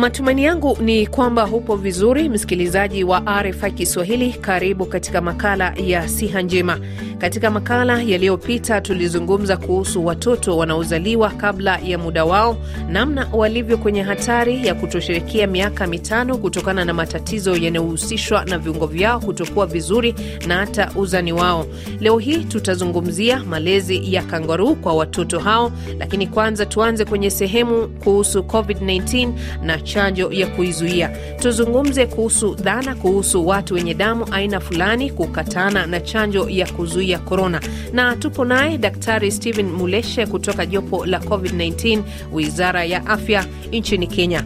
Matumaini yangu ni kwamba hupo vizuri, msikilizaji wa RFI Kiswahili. Karibu katika makala ya siha njema. Katika makala yaliyopita, tulizungumza kuhusu watoto wanaozaliwa kabla ya muda wao, namna walivyo kwenye hatari ya kutoshirikia miaka mitano kutokana na matatizo yanayohusishwa na viungo vyao kutokuwa vizuri na hata uzani wao. Leo hii tutazungumzia malezi ya kangaruu kwa watoto hao, lakini kwanza tuanze kwenye sehemu kuhusu COVID-19 na chanjo ya kuizuia. Tuzungumze kuhusu dhana kuhusu watu wenye damu aina fulani kukatana na chanjo ya kuzuia korona, na tupo naye Daktari Stephen Muleshe kutoka jopo la COVID-19 wizara ya afya nchini Kenya.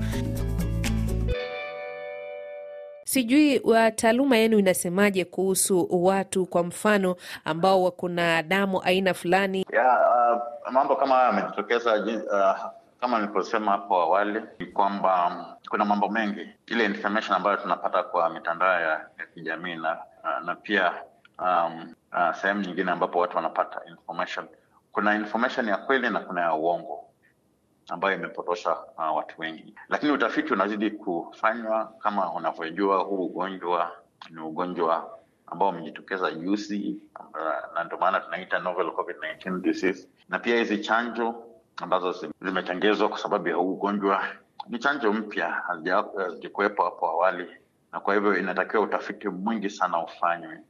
Sijui taaluma yenu inasemaje kuhusu watu kwa mfano ambao wako na damu aina fulani? Yeah, uh, mambo kama haya yamejitokeza uh, kama nilivyosema hapo awali ni kwamba mm, kuna mambo mengi, ile information ambayo tunapata kwa mitandao ya kijamii na, na pia um, uh, sehemu nyingine ambapo watu wanapata information. Kuna information ya kweli na kuna ya uongo ambayo imepotosha uh, watu wengi, lakini utafiti unazidi kufanywa. Kama unavyojua, huu ugonjwa ni ugonjwa ambao umejitokeza juzi, uh, na ndio maana tunaita novel covid-19 disease, na pia hizi chanjo ambazo zimetengezwa kwa sababu ya huu ugonjwa ni chanjo mpya, hazijakuwepo hapo awali, na kwa hivyo inatakiwa utafiti mwingi sana ufanywe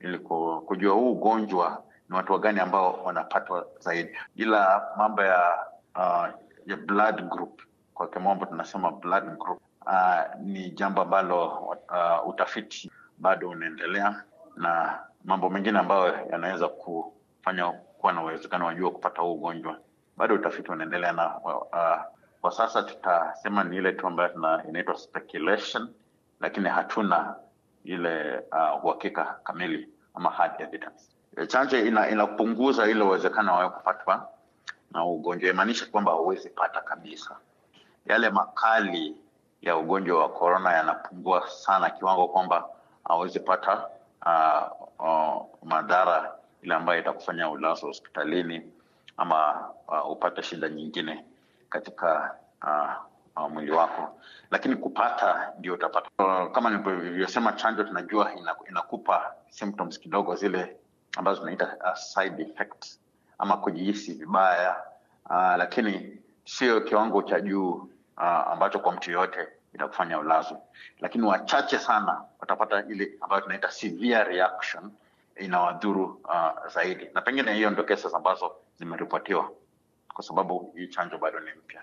ili kujua huu ugonjwa ni watu wagani ambao wanapatwa zaidi. Ila mambo ya uh, ya blood group, kwa kimombo tunasema blood group uh, ni jambo ambalo uh, utafiti bado unaendelea na mambo mengine ambayo yanaweza kufanya kuwa na uwezekano wajua kupata huu ugonjwa bado utafiti unaendelea na uh, uh, kwa sasa tutasema ni ile tu ambayo inaitwa speculation, lakini hatuna ile uh, uhakika kamili ama hard evidence. E, chanjo ina, inapunguza ile uwezekano wa kupatwa na ugonjwa, imaanisha kwamba huwezi pata kabisa. Yale makali ya ugonjwa wa corona yanapungua sana kiwango kwamba hawezi pata uh, uh, madhara ile ambayo itakufanya ulazo hospitalini ama uh, upate shida nyingine katika uh, uh, mwili wako, lakini kupata ndio utapata. Uh, Kama nilivyosema, chanjo tunajua inakupa symptoms kidogo zile ambazo tunaita uh, side effects ama kujihisi vibaya uh, lakini sio kiwango cha juu uh, ambacho kwa mtu yoyote itakufanya ulazo, lakini wachache sana watapata ile ambayo tunaita severe reaction inawadhuru uh, zaidi, na pengine hiyo ndio kesi ambazo zimeripotiwa kwa sababu hii chanjo bado ni mpya.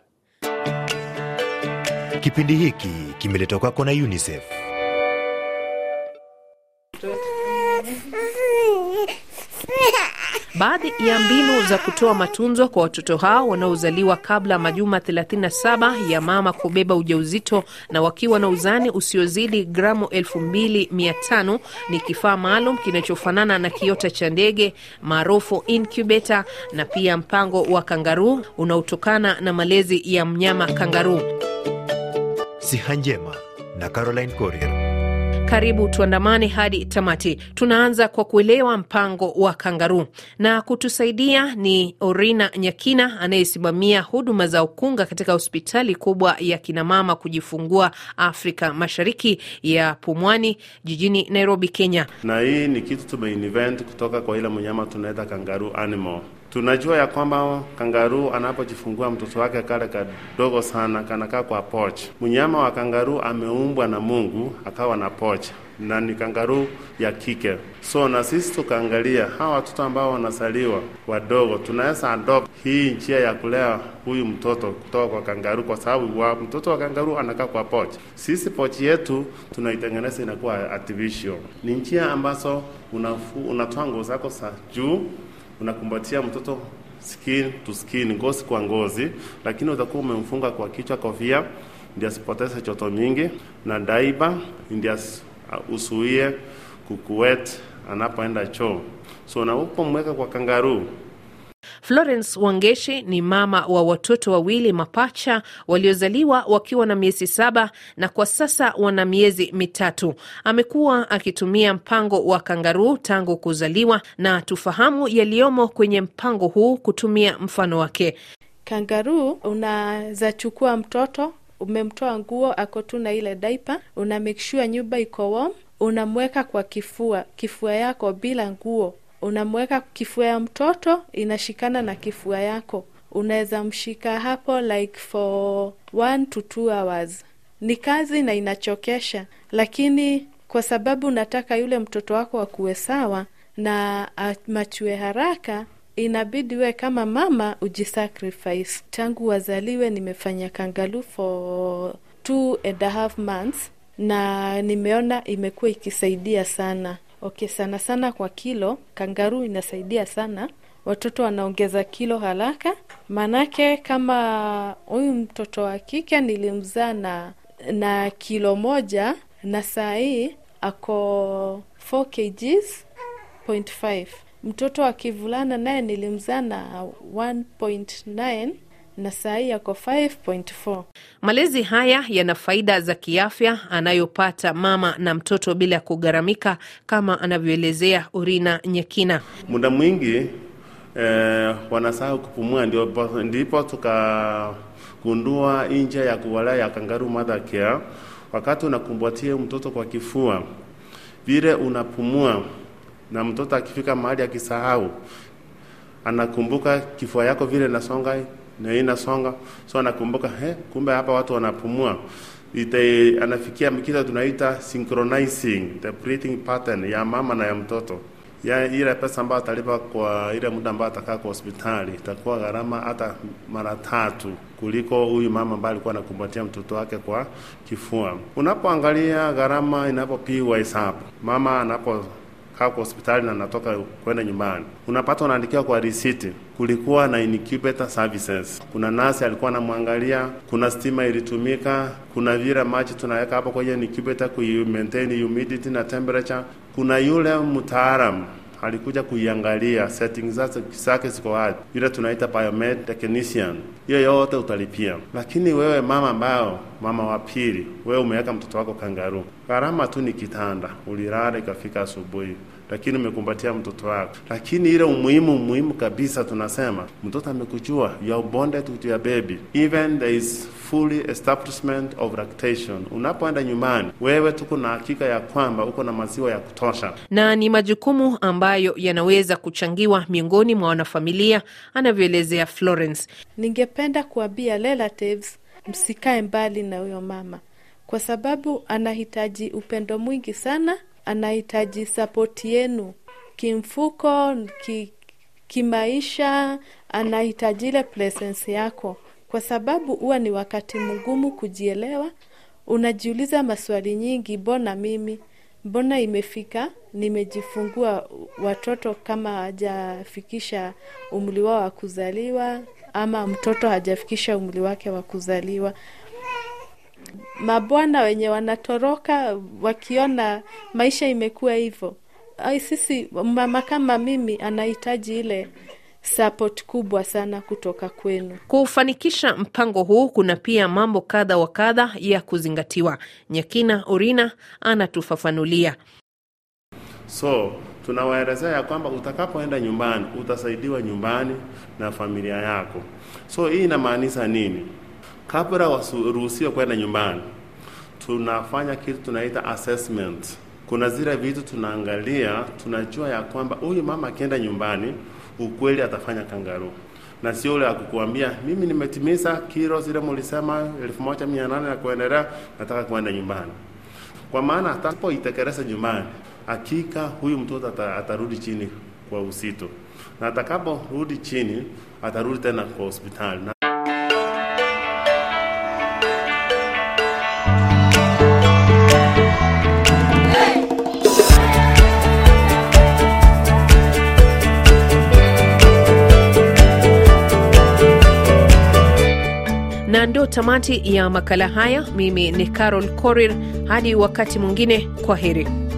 Kipindi hiki kimeletwa kwako na UNICEF. Baadhi ya mbinu za kutoa matunzo kwa watoto hao wanaozaliwa kabla majuma 37 ya mama kubeba ujauzito na wakiwa na uzani usiozidi gramu 2500 ni kifaa maalum kinachofanana na kiota cha ndege maarufu incubator, na pia mpango wa kangaruu unaotokana na malezi ya mnyama kangaruu. Siha Njema na Caroline Corrier. Karibu tuandamane hadi tamati. Tunaanza kwa kuelewa mpango wa kangaruu, na kutusaidia ni Orina Nyakina anayesimamia huduma za ukunga katika hospitali kubwa ya kinamama kujifungua Afrika Mashariki ya Pumwani jijini Nairobi, Kenya. Na hii ni kitu tumeinvent kutoka kwa ile mnyama tunaita kangaruu animal Tunajua ya kwamba kangaruu anapojifungua mtoto wake kale kadogo sana kanakaa kwa pocha. Mnyama wa kangaruu ameumbwa na Mungu akawa na pocha na ni kangaruu ya kike. So na sisi tukaangalia hawa watoto ambao wanasaliwa wadogo, tunaweza adopt hii njia ya kulea huyu mtoto kutoka kwa kangaruu, kwa sababu wa mtoto wa kangaruu anakaa kwa pochi. Sisi pochi yetu tunaitengeneza inakuwa artificial. Ni njia ambazo unatoa nguo zako za juu unakumbatia mtoto skin to skin, ngozi kwa ngozi, lakini utakuwa umemfunga kwa kichwa kofia, ndio asipoteze choto mingi, na daiba ndio usuie uh, kukuwet anapoenda choo. So unapomweka kwa kangaruu Florence Wangeshi ni mama wa watoto wawili mapacha waliozaliwa wakiwa na miezi saba na kwa sasa wana miezi mitatu. Amekuwa akitumia mpango wa kangaruu tangu kuzaliwa, na tufahamu yaliyomo kwenye mpango huu kutumia mfano wake. Kangaruu unazachukua mtoto, umemtoa nguo, ako tu na ile daipa, una make sure nyumba iko warm, unamweka kwa kifua kifua yako bila nguo unamweka kifua ya mtoto inashikana na kifua yako, unaweza mshika hapo like for one to two hours. Ni kazi na inachokesha, lakini kwa sababu nataka yule mtoto wako akuwe sawa na amachue haraka, inabidi we kama mama ujisacrifice. Tangu wazaliwe nimefanya kangalu for two and a half months na nimeona imekuwa ikisaidia sana. Okay, sana sana kwa kilo kangaruu inasaidia sana watoto wanaongeza kilo haraka, maanake kama huyu mtoto wa kike nilimzaa na na kilo moja na saa hii ako 4 kgs 5. Mtoto wa kivulana naye nilimzaa na 1.9 na saa yako 5.4. Malezi haya yana faida za kiafya anayopata mama na mtoto bila kugharamika, kama anavyoelezea Urina Nyekina. Muda mwingi eh, wanasahau kupumua, ndipo tukagundua inja ya kuwala ya kangaru mother care. Wakati unakumbatia mtoto kwa kifua, vile unapumua na mtoto akifika mahali akisahau, anakumbuka kifua yako vile nasonga na inasonga so anakumbuka he eh, kumbe hapa watu wanapumua ita anafikia kile tunaita synchronizing the breathing pattern ya mama na ya mtoto ya ile pesa ambayo atalipa kwa ile muda ambayo atakaa kwa hospitali itakuwa gharama hata mara tatu kuliko huyu mama ambaye alikuwa anakumbatia mtoto wake kwa kifua. Unapoangalia gharama inapopigwa hesabu, mama anapo kaa kwa hospitali na natoka kwenda nyumbani, unapata unaandikiwa kwa risiti. Kulikuwa na incubator services, kuna nasi alikuwa anamwangalia, kuna stima ilitumika, kuna vile maji tunaweka hapo kwenye incubator ku maintain humidity na temperature, kuna yule mtaalamu alikuja kuiangalia settings zake ziko wapi, yule tunaita biomed technician. Hiyo yote utalipia, lakini wewe mama ambao mama wa pili, wewe umeweka mtoto wako kangaroo, gharama tu ni kitanda, ulilala ikafika asubuhi lakini umekumbatia mtoto wako. Lakini ile umuhimu muhimu kabisa tunasema mtoto amekujua, you are bonded with your baby even there is fully establishment of lactation. Unapoenda nyumbani, wewe tuko na hakika ya kwamba uko na maziwa ya kutosha, na ni majukumu ambayo yanaweza kuchangiwa miongoni mwa wanafamilia, anavyoelezea Florence. Ningependa kuambia relatives, msikae mbali na huyo mama, kwa sababu anahitaji upendo mwingi sana anahitaji sapoti yenu kimfuko, ki, kimaisha, anahitaji ile presence yako, kwa sababu huwa ni wakati mgumu kujielewa. Unajiuliza maswali nyingi, mbona mimi? Mbona imefika nimejifungua watoto kama hajafikisha umri wao wa kuzaliwa, ama mtoto hajafikisha umri wake wa kuzaliwa? mabwana wenye wanatoroka wakiona maisha imekuwa hivyo. Sisi mama kama mimi anahitaji ile support kubwa sana kutoka kwenu. Kufanikisha mpango huu, kuna pia mambo kadha wa kadha ya kuzingatiwa. Nyakina Orina anatufafanulia. So tunawaelezea ya kwamba utakapoenda nyumbani utasaidiwa nyumbani na familia yako. So hii inamaanisha nini? kabla wasiruhusiwe kwenda nyumbani, tunafanya kitu tunaita assessment. Kuna zile vitu tunaangalia, tunajua ya kwamba huyu mama akienda nyumbani ukweli atafanya kangaroo na sio ule akukuambia mimi nimetimiza kilo zile mlisema 1800 na kuendelea, nataka kuenda nyumbani. Kwa maana atakapoitekeleza nyumbani, hakika huyu mtoto atarudi chini kwa usito, na atakaporudi chini atarudi tena kwa hospitali. tamati ya makala haya. Mimi ni Carol Korir, hadi wakati mwingine, kwa heri.